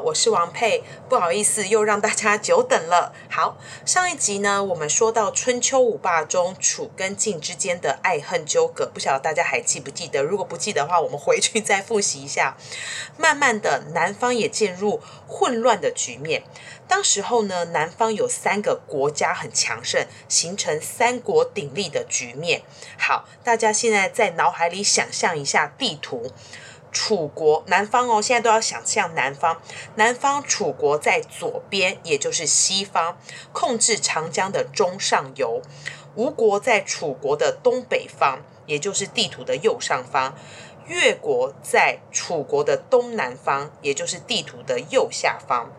我是王佩，不好意思又讓大家久等了。好，上一集呢，我們說到春秋五霸中楚跟晉之間的愛恨糾葛，不曉得大家還記不記得？如果不記得的話，我們回去再複習一下。慢慢的，南方也進入混亂的局面。當時候呢，南方有三個國家很強盛，形成三國鼎立的局面。好，大家現在在腦海裡想象一下地圖。楚國，南方哦，現在都要想象南方。南方楚國在左邊，也就是西方，控制長江的中上游。吳國在楚國的東北方，也就是地圖的右上方。越國在楚國的東南方，也就是地圖的右下方。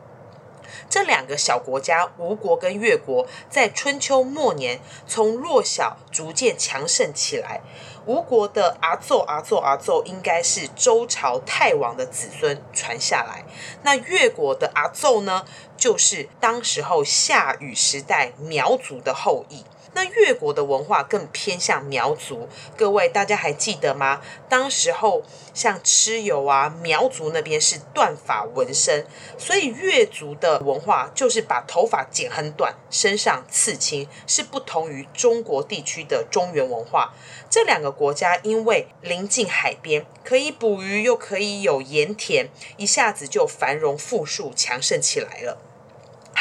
這兩個小國家，吳國跟越國，在春秋末年從弱小逐漸強盛起來。吳國的阿祖、阿祖、阿祖，應該是周朝太王的子孫傳下來。那越國的阿祖呢，就是當時候夏禹時代苗族的後裔。那越國的文化更偏向苗族，各位大家還記得嗎？當時候像蚩尤啊，苗族那邊是斷髮紋身，所以越族的文化就是把頭髮剪很短，身上刺青，是不同於中國地區的中原文化。這兩個國家因為臨近海邊，可以捕魚又可以有鹽田，一下子就繁榮富庶強盛起來了。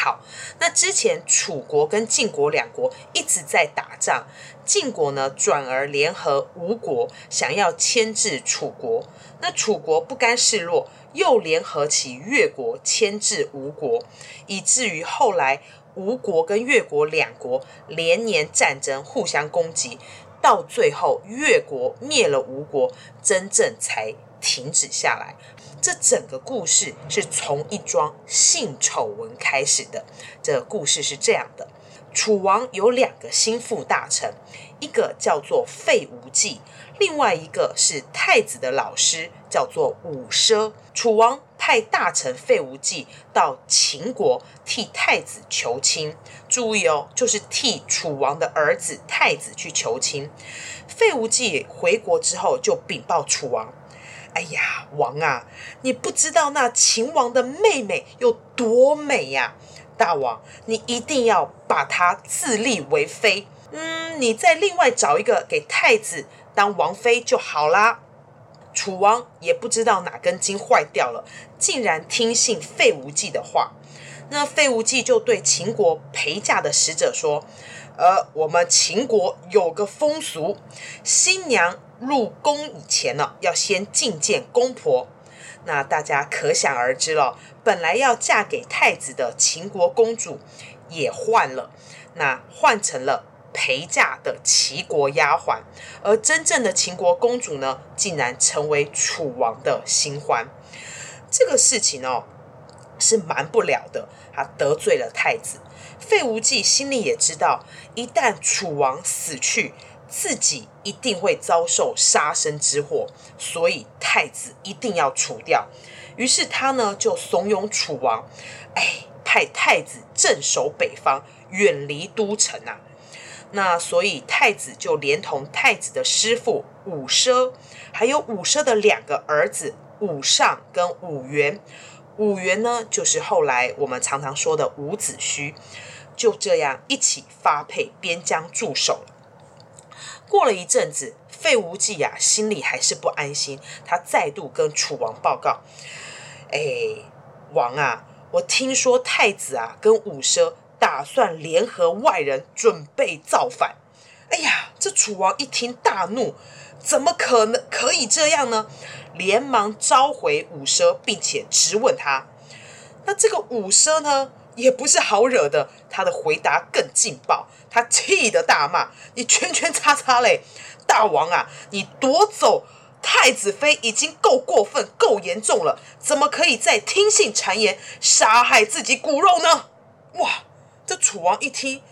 好，那之前楚國跟晉國兩國一直在打仗，晉國呢，轉而聯合吳國，想要牽制楚國，那楚國不甘示弱，又聯合起越國牽制吳國，以至於後來吳國跟越國兩國連年戰爭，互相攻擊。到最後，越國滅了吳國，真正才停止下來。這整個故事是從一樁性醜聞開始的。這個故事是這樣的：楚王有兩個心腹大臣，一個叫做費無忌，另外一個是太子的老師。叫做武奢，楚王派大臣費無忌到秦國替太子求親。注意哦，就是替楚王的兒子太子去求親。費無忌回國之後就稟報楚王：“哎呀，王啊，你不知道那秦王的妹妹有多美呀！啊！大王，你一定要把她自立為妃。嗯，你再另外找一個給太子當王妃就好啦。”楚王也不知道哪根筋壞掉了，竟然聽信費無忌的話。那費無忌就對秦國陪嫁的使者說：“呃，我們秦國有個風俗，新娘入宮以前呢，要先覲見公婆。那大家可想而知了，本來要嫁給太子的秦國公主也換了，那換成了。”陪嫁的齊國丫鬟，而真正的秦國公主呢，竟然成為楚王的新歡。這個事情哦，是瞞不了的，他得罪了太子。費無忌心裡也知道，一旦楚王死去，自己一定會遭受殺身之禍，所以太子一定要除掉。於是他呢，就慫恿楚王，哎，派太子鎮守北方，遠離都城啊。那所以太子就連同太子的師傅伍奢，還有伍奢的兩個兒子伍尚跟伍員。伍員呢就是後來我們常常說的伍子胥，就這樣一起發配邊疆駐守了。過了一陣子，費無忌呀、啊、心裡還是不安心，他再度跟楚王報告：“哎、欸，王啊，我聽說太子啊跟伍奢。”打算聯合外人準備造反，哎呀，這楚王一聽大怒，怎麼可能可以這樣呢？連忙召回伍奢，並且質問他。那這個伍奢呢，也不是好惹的，他的回答更勁爆，他氣得大罵：“你圈圈叉叉嘞，大王啊，你奪走太子妃已經夠過分、夠嚴重了，怎麼可以再聽信讒言，殺害自己骨肉呢？”哇！這楚王一聽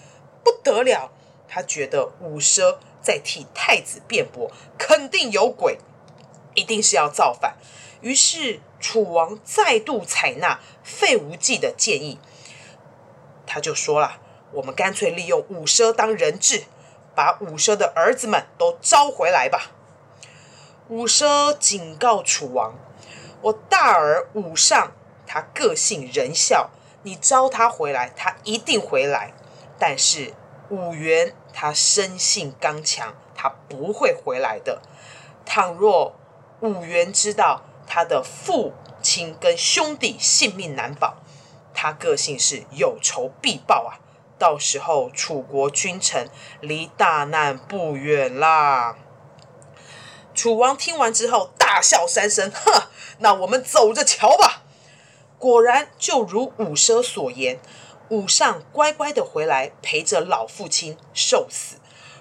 不得了，他覺得伍奢在替太子辯駁，肯定有鬼，一定是要造反。於是楚王再度採納費無忌的建議，他就說了：“我們乾脆利用伍奢當人質，把伍奢的兒子們都召回來吧。”伍奢警告楚王：“我大兒伍尚，他個性仁孝。”你招他回來，他一定回來；但是伍員他生性剛強，他不會回來的。倘若伍員知道他的父親跟兄弟性命難保，他個性是有仇必報啊！到時候楚國君臣離大難不遠啦。楚王聽完之後大笑三聲，哼，那我們走着瞧吧。果然，就如伍奢所言，伍尚乖乖的回來陪着老父親受死，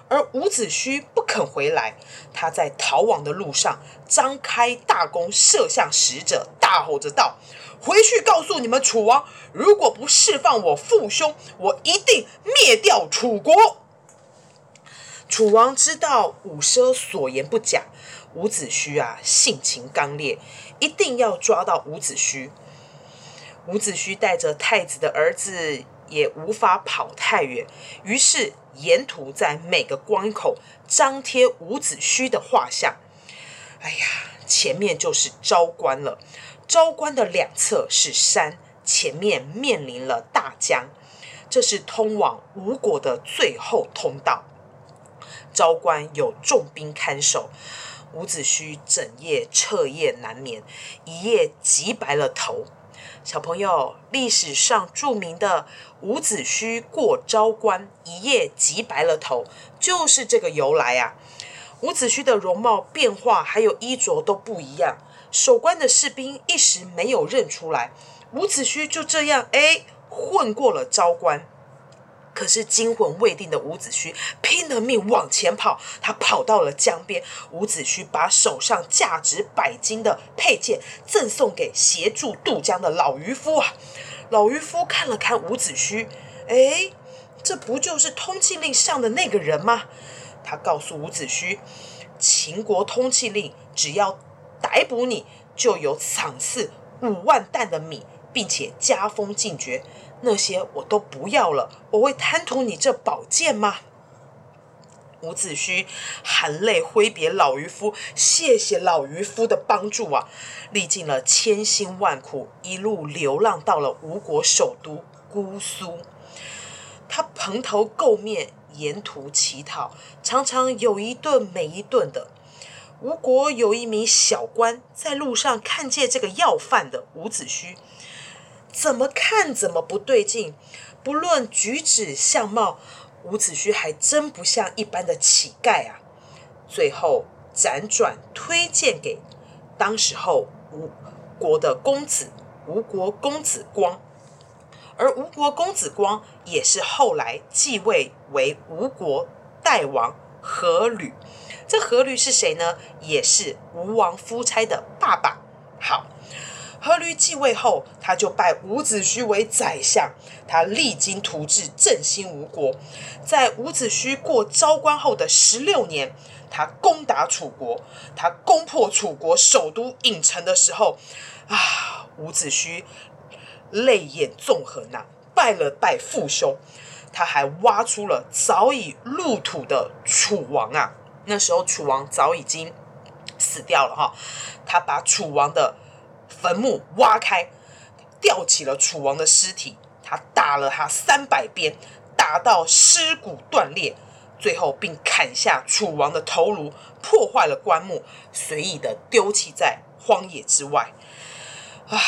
而伍子胥不肯回來。他在逃亡的路上，張開大弓射向使者，大吼着道：“回去告訴你們楚王，如果不釋放我父兄，我一定滅掉楚國。”楚王知道伍奢所言不假，伍子胥啊，性情剛烈，一定要抓到伍子胥。伍子胥帶着太子的兒子，也無法跑太遠。於是沿途在每個關口張貼伍子胥的畫像。哎呀，前面就是昭關了。昭關的兩側是山，前面面臨了大江，這是通往吳國的最後通道。昭關有重兵看守，伍子胥整夜徹夜難眠，一夜急白了頭。小朋友，歷史上著名的伍子胥過昭關，一夜急白了頭，就是這個由來啊。伍子胥的容貌變化還有衣着都不一樣，守關的士兵一時沒有認出來，伍子胥就這樣哎混過了昭關。可是驚魂未定的伍子胥拼了命往前跑，他跑到了江邊。伍子胥把手上價值百金的佩劍贈送給協助渡江的老漁夫啊！老漁夫看了看伍子胥，哎，這不就是通緝令上的那個人嗎？他告訴伍子胥，秦國通緝令只要逮捕你，就有賞賜五萬擔的米，並且加封進爵。那些我都不要了，我會貪圖你這寶劍嗎？伍子胥含淚揮別老漁夫，謝謝老漁夫的幫助啊！歷盡了千辛萬苦，一路流浪到了吳國首都姑蘇。他蓬頭垢面，沿途乞討，常常有一頓沒一頓的。吳國有一名小官，在路上看見這個要飯的伍子胥。怎麼看怎麼不對勁，不論舉止相貌，伍子胥還真不像一般的乞丐啊。最後輾轉推薦給當時候吳國的公子，吳國公子光，而吳國公子光也是後來繼位為吳國代王闔閭。這闔閭是誰呢？也是吳王夫差的爸爸。好。闔閭繼位後，他就拜伍子胥為宰相，他勵精圖治，振興吳國。在伍子胥過昭關後的十六年，他攻打楚國。他攻破楚國首都郢城的時候，啊，伍子胥淚眼縱橫吶，拜了拜父兄，他還挖出了早已入土的楚王啊。那時候楚王早已經死掉了哈、哦，他把楚王的。墳墓挖開，吊起了楚王的屍體，他打了他三百鞭，打到屍骨斷裂，最後並砍下楚王的頭顱，破壞了棺木，隨意的丟棄在荒野之外。啊！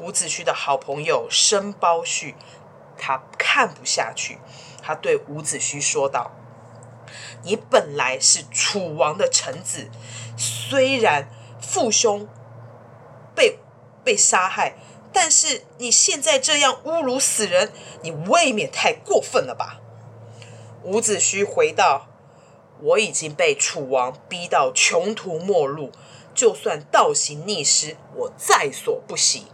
伍子胥的好朋友申包胥，他看不下去，他對伍子胥說道：“你本來是楚王的臣子，雖然父兄。”被被殺害，但是你現在這樣侮辱死人，你未免太過分了吧？伍子胥回道，我已經被楚王逼到窮途末路，就算倒行逆施，我在所不惜。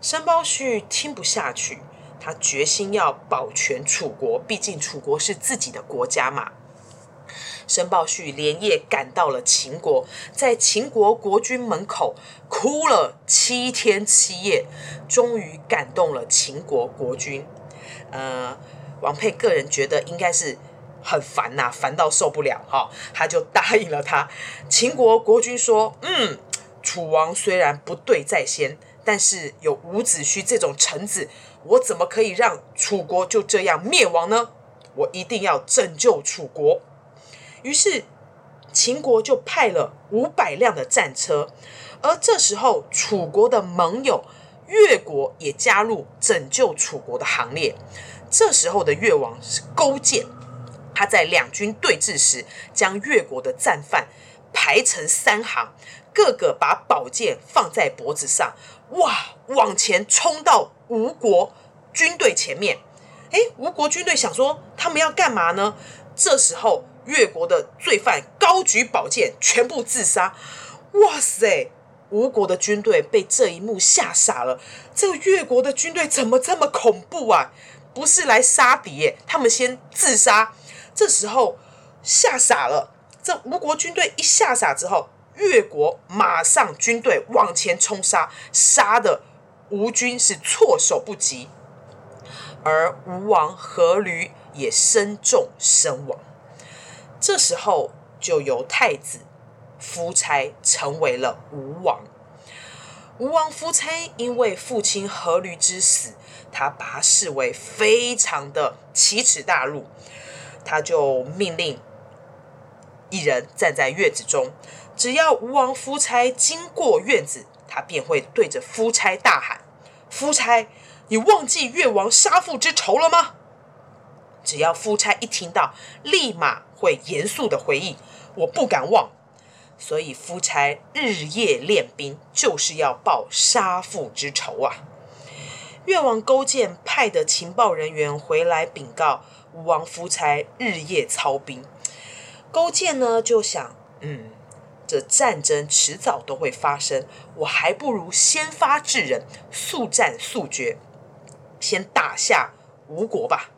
申包胥聽不下去，他決心要保全楚國，畢竟楚國是自己的國家嘛。申包胥連夜趕到了秦國，在秦國國君門口哭了七天七夜，終於感動了秦國國君。呃，王佩個人覺得應該是很煩吶、啊，煩到受不了哈、哦，他就答應了他。秦國國君說：“嗯，楚王雖然不對在先，但是有伍子胥這種臣子，我怎麼可以讓楚國就這樣滅亡呢？我一定要拯救楚國。”於是，秦國就派了五百輛的戰車，而這時候楚國的盟友越國也加入拯救楚國的行列。這時候的越王是勾踐，他在兩軍對峙時，將越國的戰犯排成三行，個個把寶劍放在脖子上，哇，往前衝到吳國軍隊前面。誒，吳國軍隊想說他們要幹嘛呢？這時候。越國的罪犯高舉寶劍，全部自殺。哇塞！吳國的軍隊被這一幕嚇傻了。這越國的軍隊怎麼這麼恐怖啊？不是來殺敵，欸，他們先自殺。這時候嚇傻了。這吳國軍隊一嚇傻之後，越國馬上軍隊往前衝殺，殺的吳軍是措手不及。而吳王闔閭也身中身亡。這時候就由太子夫差成為了吳王。吳王夫差因為父親闔閭之死，他把他視為非常的奇恥大辱，他就命令一人站在院子中，只要吳王夫差經過院子，他便會對着夫差大喊：“夫差，你忘記越王殺父之仇了嗎？”只要夫差一聽到，立馬。會嚴肅的回憶，我不敢忘，所以夫差日夜練兵，就是要報殺父之仇啊。越王勾踐派的情報人員回來稟告，吳王夫差日夜操兵。勾踐呢就想，嗯，這戰爭遲早都會發生，我還不如先發制人，速戰速決，先打下吳國吧。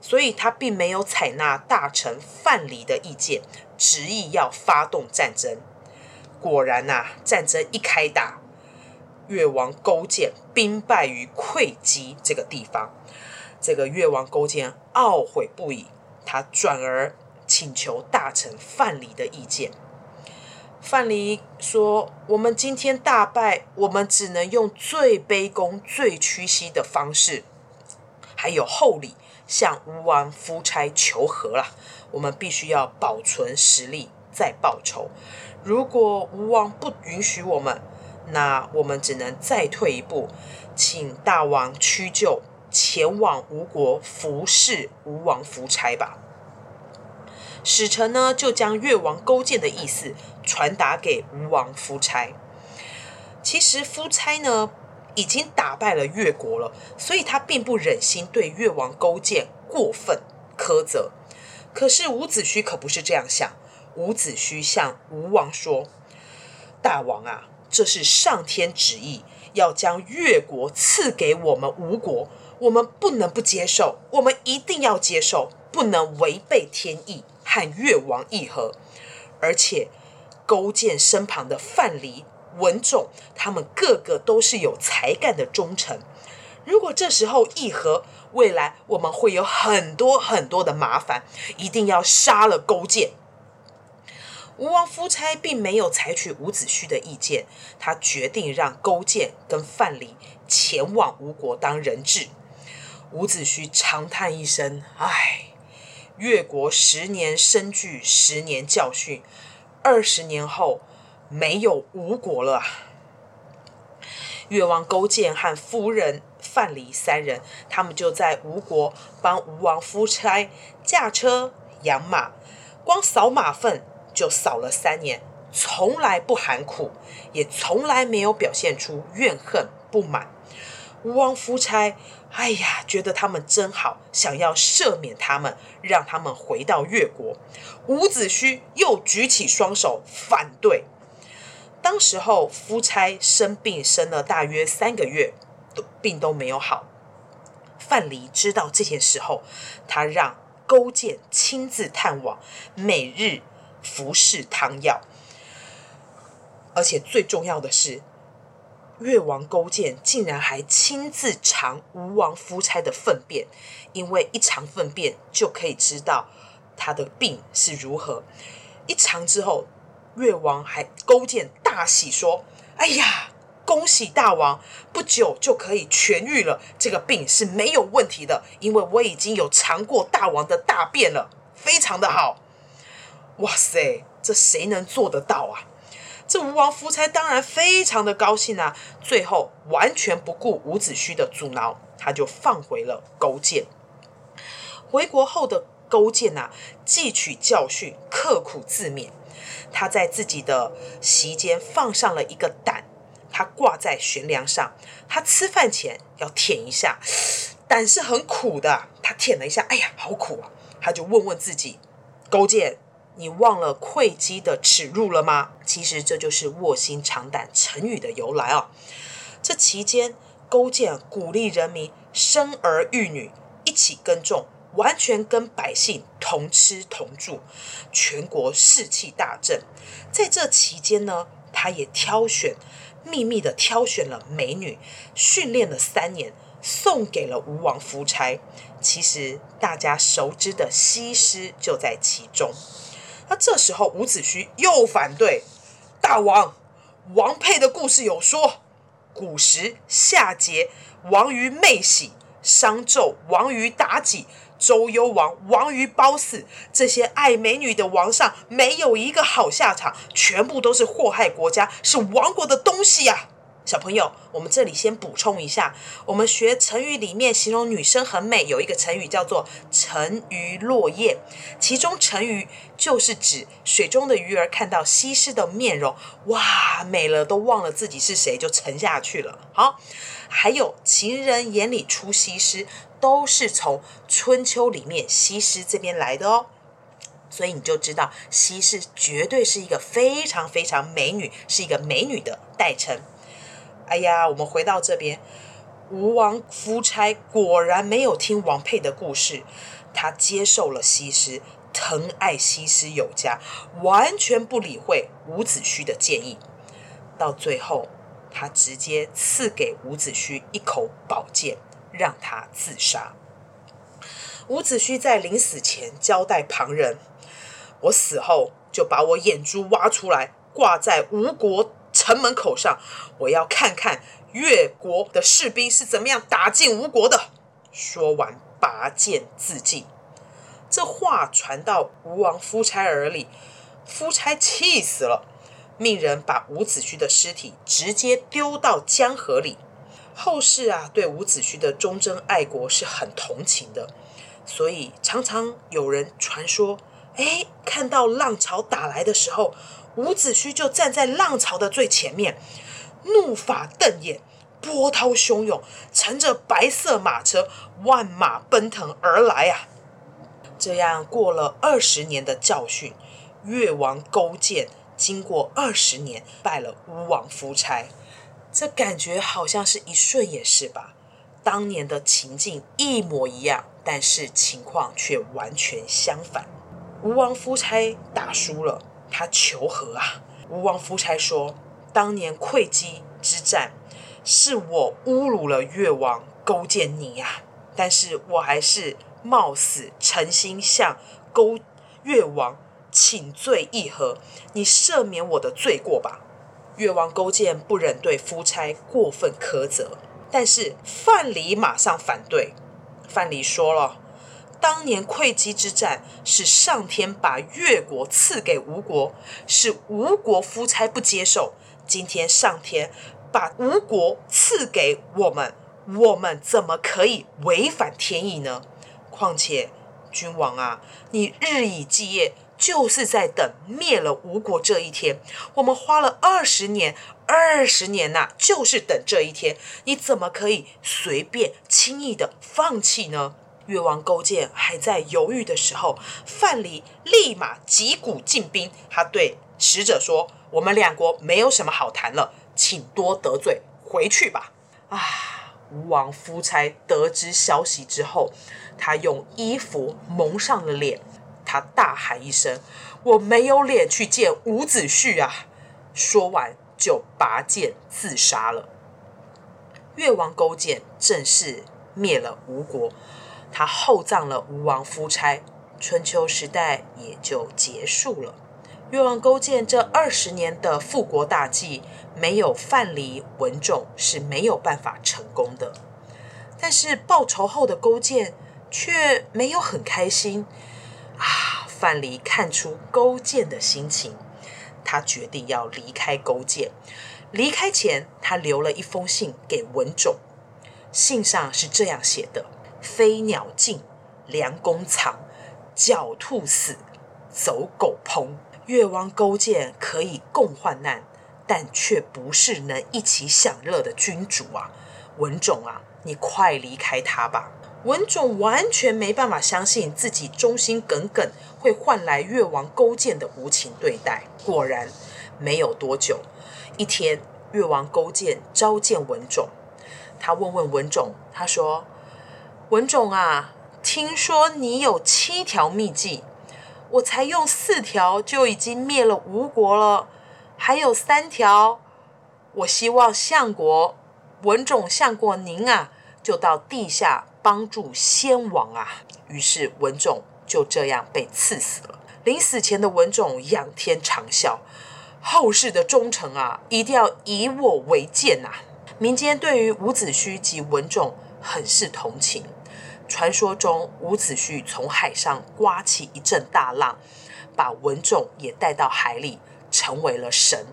所以他並沒有採納大臣范蠡的意見，執意要發動戰爭。果然呐、啊，戰爭一開打，越王勾踐兵敗於會稽這個地方。這個越王勾踐懊悔不已，他轉而請求大臣范蠡的意見。范蠡說：“我們今天大敗，我們只能用最卑躬、最屈膝的方式，還有厚禮。”向吳王夫差求和了，我們必須要保存實力再報仇。如果吳王不允許我們，那我們只能再退一步，請大王屈就前往吳國服侍吳王夫差吧。使臣呢，就將越王勾踐的意思傳達給吳王夫差。其實夫差呢，已經打敗了越國了，所以他並不忍心對越王勾踐過分苛責。可是伍子胥可不是這樣想，伍子胥向吳王說：“大王啊，這是上天旨意，要將越國賜給我們吳國，我們不能不接受，我們一定要接受，不能違背天意和越王議和。而且，勾踐身旁的范蠡。”文種，他們個個都是有才幹的忠臣。如果這時候議和，未來我們會有很多很多的麻煩。一定要殺了勾踐。吳王夫差並沒有採取伍子胥的意見，他決定讓勾踐跟范蠡前往吳國當人質。伍子胥長嘆一聲：“唉，越國十年生聚，十年教訓，二十年後。”沒有吳國了。越王勾踐和夫人范蠡，三人，他們就在吳國幫吳王夫差駕車養馬，光掃馬糞就掃了三年，從來不喊苦，也從來沒有表現出怨恨不滿。吳王夫差，哎呀，覺得他們真好，想要赦免他們，讓他們回到越國。伍子胥又舉起雙手反對。當時候，夫差生病，生了大約三個月，都病都沒有好。范蠡知道這件事後，他讓勾踐親自探望，每日服侍湯藥。而且最重要的是，越王勾踐竟然還親自嘗吳王夫差的糞便，因為一嘗糞便就可以知道他的病是如何。一嘗之後，越王還勾踐。阿喜說：“哎呀，恭喜大王，不久就可以痊癒了。這個病是沒有問題的，因為我已經有嘗過大王的大便了，非常的好。哇塞，這誰能做得到啊？這吳王夫差當然非常的高興啊。最後，完全不顧伍子胥的阻撓，他就放回了勾踐。回國後的勾踐呢、啊，汲取教訓，刻苦自勉。”他在自己的席間放上了一個膽，他掛在懸梁上，他吃飯前要舔一下，膽是很苦的，他舔了一下，哎呀，好苦啊！他就問問自己：勾踐，你忘了會稽的恥辱了嗎？其實這就是“臥薪嘗膽”成語的由來哦。這期間，勾踐鼓勵人民生兒育女，一起耕種。完全跟百姓同吃同住，全國士氣大振。在這期間呢，他也挑選秘密的挑選了美女，訓練了三年，送給了吳王夫差。其實大家熟知的西施就在其中。那這時候伍子胥又反對大王。王佩的故事有說，古時夏桀亡於妹喜，商紂亡於妲己。周幽王亡於褒姒，這些愛美女的王上沒有一個好下場，全部都是禍害國家，是亡國的東西呀！小朋友，我們這裡先補充一下，我們學成語裡面形容女生很美，有一個成語叫做“沉魚落雁”，其中“沉魚”就是指水中的魚兒看到西施的面容，哇，美了都忘了自己是誰，就沉下去了。好，還有“情人眼裡出西施”。都是從春秋裡面西施這邊來的哦，所以你就知道西施絕對是一個非常非常美女，是一個美女的代稱。哎呀，我們回到這邊，吳王夫差果然沒有聽王佩的故事，他接受了西施，疼愛西施有加，完全不理會伍子胥的建議。到最後，他直接賜給伍子胥一口寶劍。讓他自殺。伍子胥在臨死前交代旁人：“我死後就把我眼珠挖出來掛在吳國城門口上，我要看看越國的士兵是怎麼樣打進吳國的。”說完，拔劍自盡。這話傳到吳王夫差耳裡，夫差氣死了，命人把伍子胥的屍體直接丟到江河裡。後世啊，對伍子胥的忠貞愛國是很同情的，所以常常有人傳說：哎，看到浪潮打來的時候，伍子胥就站在浪潮的最前面，怒髮瞪眼，波濤洶湧，乘着白色馬車，萬馬奔騰而來啊！這樣過了二十年的教訓，越王勾踐經過二十年，敗了吳王夫差。這感覺好像是一瞬也是吧？當年的情境一模一樣，但是情況卻完全相反。吳王夫差打輸了，他求和啊。吳王夫差說：“當年會稽之戰，是我侮辱了越王勾踐你呀、啊，但是我還是冒死誠心向勾越王請罪議和，你赦免我的罪過吧。”越王勾踐不忍對夫差過分苛責，但是范蠡馬上反對。范蠡說了：“當年會稽之戰是上天把越國賜給吳國，是吳國夫差不接受。今天上天把吳國賜給我們，我們怎麼可以違反天意呢？況且君王啊，你日以繼夜。”就是在等滅了吳國這一天，我們花了二十年，二十年吶、啊，就是等這一天。你怎麼可以隨便輕易的放棄呢？越王勾踐還在猶豫的時候，范蠡立馬擊鼓進兵，他對使者說：“我們兩國沒有什麼好談了，請多得罪，回去吧。”啊，吳王夫差得知消息之後，他用衣服蒙上了臉。他大喊一聲：“我沒有臉去見伍子胥啊！”說完就拔劍自殺了。越王勾踐正式滅了吳國，他厚葬了吳王夫差。春秋時代也就結束了。越王勾踐這二十年的復國大計，沒有范蠡、文種是沒有辦法成功的。但是報仇後的勾踐却沒有很開心。啊！范蠡看出勾踐的心情，他決定要離開勾踐。離開前，他留了一封信給文種，信上是這樣寫的：“飛鳥盡，良弓藏；狡兔死，走狗烹。越王勾踐可以共患難，但卻不是能一起享樂的君主啊！文種啊，你快離開他吧。”文種完全沒辦法相信自己忠心耿耿會換來越王勾踐的無情對待。果然，沒有多久，一天，越王勾踐召見文種，他問問文種，他說：“文種啊，聽說你有七條秘計，我才用四條就已經滅了吳國了，還有三條，我希望相國文種相國您啊，就到地下。”幫助先王啊！於是文種就這樣被刺死了。臨死前的文種仰天長嘯：“後世的忠臣啊，一定要以我為鑑啊！”民間對於伍子胥及文種很是同情。傳說中，伍子胥從海上刮起一陣大浪，把文種也帶到海裡，成為了神。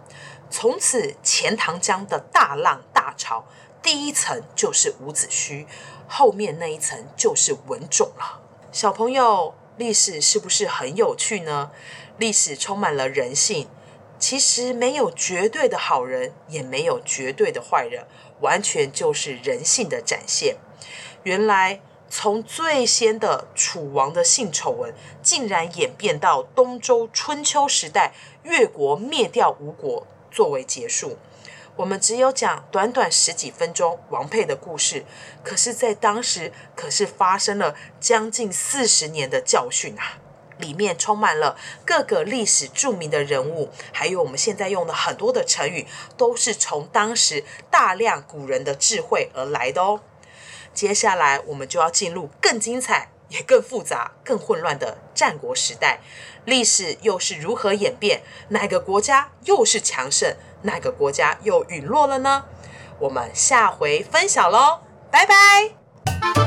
從此，錢塘江的大浪大潮，第一層就是伍子胥。後面那一層就是文種了，小朋友，歷史是不是很有趣呢？歷史充滿了人性，其實沒有絕對的好人，也沒有絕對的壞人，完全就是人性的展現。原來從最先的楚王的性醜聞，竟然演變到東周春秋時代，越國滅掉吳國作為結束。我們只有講短短十幾分鐘王佩的故事，可是，在當時可是發生了將近四十年的教訓啊！裡面充滿了各個歷史著名的人物，還有我們現在用的很多的成語，都是從當時大量古人的智慧而來的哦。接下來，我們就要進入更精彩、也更複雜、更混亂的戰國時代，歷史又是如何演變？哪個國家又是強盛？哪個國家又隕落了呢？我們下回分享嘍，拜拜！